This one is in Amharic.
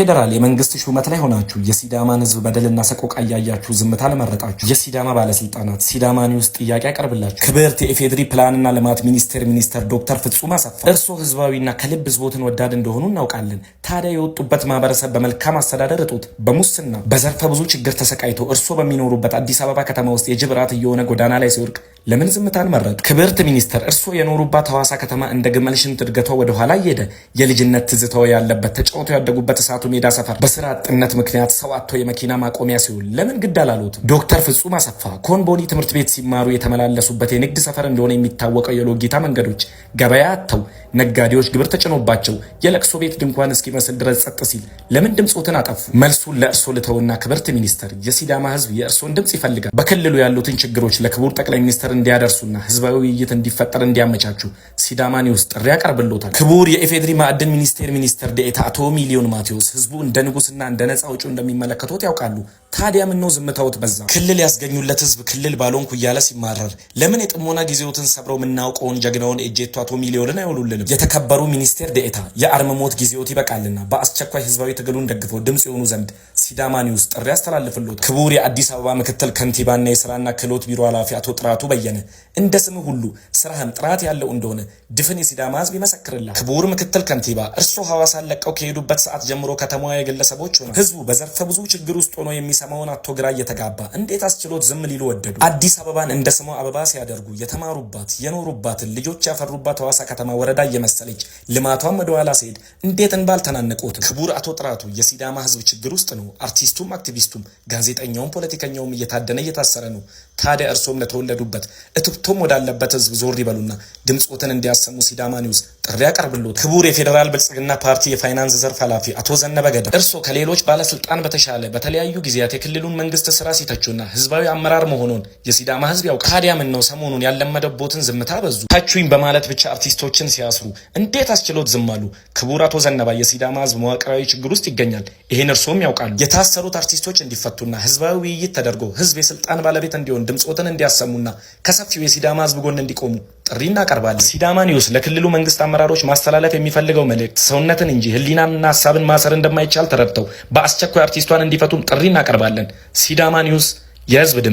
ፌዴራል የመንግስት ሹመት ላይ ሆናችሁ የሲዳማን ህዝብ በደልና ሰቆቃ እያያችሁ ዝምታ ለመረጣችሁ የሲዳማ ባለስልጣናት ሲዳማ ኒውስ ጥያቄ ያቀርብላችሁ። ክብርት የኢፌድሪ ፕላንና ልማት ሚኒስቴር ሚኒስተር ዶክተር ፍጹም አሰፋ እርስዎ ህዝባዊና ከልብ ህዝቦትን ወዳድ እንደሆኑ እናውቃለን። ታዲያ የወጡበት ማህበረሰብ በመልካም አስተዳደር እጦት፣ በሙስና፣ በዘርፈ ብዙ ችግር ተሰቃይቶ እርሶ በሚኖሩበት አዲስ አበባ ከተማ ውስጥ የጅብ ራት እየሆነ ጎዳና ላይ ሲወድቅ ለምን ዝምታን መረጡ? ክብርት ሚኒስትር፣ እርሶ የኖሩባት ሐዋሳ ከተማ እንደ ግመል ሽንት እድገቷ ወደኋላ እየሄደ የልጅነት ትዝታው ያለበት ተጫውቶ ያደጉበት እሳቱ ሜዳ ሰፈር በስራ አጥነት ምክንያት ሰው አጥቶ የመኪና ማቆሚያ ሲውል ለምን ግድ አላሉት? ዶክተር ፍጹም አሰፋ ኮንቦሊ ትምህርት ቤት ሲማሩ የተመላለሱበት የንግድ ሰፈር እንደሆነ የሚታወቀው የሎጌታ መንገዶች ገበያ አጥተው ነጋዴዎች ግብር ተጭኖባቸው የለቅሶ ቤት ድንኳን እስኪመ እስኪመስል ድረስ ጸጥ ሲል ለምን ድምፆትን አጠፉ? መልሱን ለእርሶ ልተውና ክብርት ሚኒስተር፣ የሲዳማ ህዝብ የእርሶን ድምፅ ይፈልጋል። በክልሉ ያሉትን ችግሮች ለክቡር ጠቅላይ ሚኒስተር እንዲያደርሱና ህዝባዊ ውይይት እንዲፈጠር እንዲያመቻቹ ሲዳማ ኒውስ ጥሪ ያቀርብሎታል። ክቡር የኢፌድሪ ማዕድን ሚኒስቴር ሚኒስትር ዴኤታ አቶ ሚሊዮን ማቴዎስ፣ ህዝቡ እንደ ንጉስና እንደ ነፃ አውጪው እንደሚመለከቱት ያውቃሉ። ታዲያ ምነው ዝምታዎት በዛ? ክልል ያስገኙለት ህዝብ ክልል ባልሆንኩ እያለ ሲማረር ለምን የጥሞና ጊዜዎትን ሰብረው የምናውቀውን ጀግናውን ኤጄቶ አቶ ሚሊዮንን አይወሉልንም? የተከበሩ ሚኒስቴር ዴኤታ የአርምሞት ጊዜዎት ይበቃል። ይጠይቃልና በአስቸኳይ ህዝባዊ ትግሉን ደግፈው ድምፅ የሆኑ ዘንድ ሲዳማ ኒውስ ጥሪ ያስተላልፍሎት። ክቡር የአዲስ አበባ ምክትል ከንቲባና የስራና ክህሎት ቢሮ ኃላፊ አቶ ጥራቱ በየነ እንደ ስም ሁሉ ስራህም ጥራት ያለው እንደሆነ ድፍን የሲዳማ ህዝብ ይመሰክርላል። ክቡር ምክትል ከንቲባ እርስዎ ሐዋሳን ለቀው ከሄዱበት ሰዓት ጀምሮ ከተማዋ የግለሰቦች ሆነ ህዝቡ በዘርፈ ብዙ ችግር ውስጥ ሆኖ የሚሰማውን አቶ ግራ እየተጋባ እንዴት አስችሎት ዝም ሊሉ ወደዱ? አዲስ አበባን እንደ ስሙ አበባ ሲያደርጉ የተማሩባት የኖሩባትን ልጆች ያፈሩባት ሐዋሳ ከተማ ወረዳ እየመሰለች ልማቷን ወደኋላ ሲሄድ እንዴት እንባል ተናነቆት። ክቡር አቶ ጥራቱ የሲዳማ ህዝብ ችግር ውስጥ ነው። አርቲስቱም፣ አክቲቪስቱም፣ ጋዜጠኛውም፣ ፖለቲከኛውም እየታደነ እየታሰረ ነው። ታዲያ እርሶም ለተወለዱበት እትብቶም ወዳለበት ህዝብ ዞር ይበሉና ድምፆትን እንዲያሰሙ ሲዳማ ኒውስ ጥሪ ያቀርብሎት። ክቡር የፌዴራል ብልጽግና ፓርቲ የፋይናንስ ዘርፍ ኃላፊ አቶ ዘነበ ገዳ እርሶ ከሌሎች ባለስልጣን በተሻለ በተለያዩ ጊዜያት የክልሉን መንግስት ስራ ሲተቹና ህዝባዊ አመራር መሆኑን የሲዳማ ህዝብ ያውቃል። ታዲያ ምን ነው ሰሞኑን ያለመደቦትን ዝምታ በዙ ታችኝ በማለት ብቻ አርቲስቶችን ሲያስሩ እንዴት አስችሎት ዝም አሉ? ክቡር አቶ ዘነባ የሲዳማ ህዝብ መዋቅራዊ ችግር ውስጥ ይገኛል። ይህን እርሶም ያውቃሉ። የታሰሩት አርቲስቶች እንዲፈቱና ህዝባዊ ውይይት ተደርጎ ህዝብ የስልጣን ባለቤት እንዲሆን ድምፆትን እንዲያሰሙና ከሰፊው የሲዳማ ህዝብ ጎን እንዲቆሙ ጥሪ እናቀርባለን። ሲዳማ ኒውስ ለክልሉ መንግስት አመራሮች ማስተላለፍ የሚፈልገው መልእክት ሰውነትን እንጂ ህሊናንና ሀሳብን ማሰር እንደማይቻል ተረድተው በአስቸኳይ አርቲስቷን እንዲፈቱም ጥሪ እናቀርባለን። ሲዳማ ኒውስ የህዝብ ድምፅ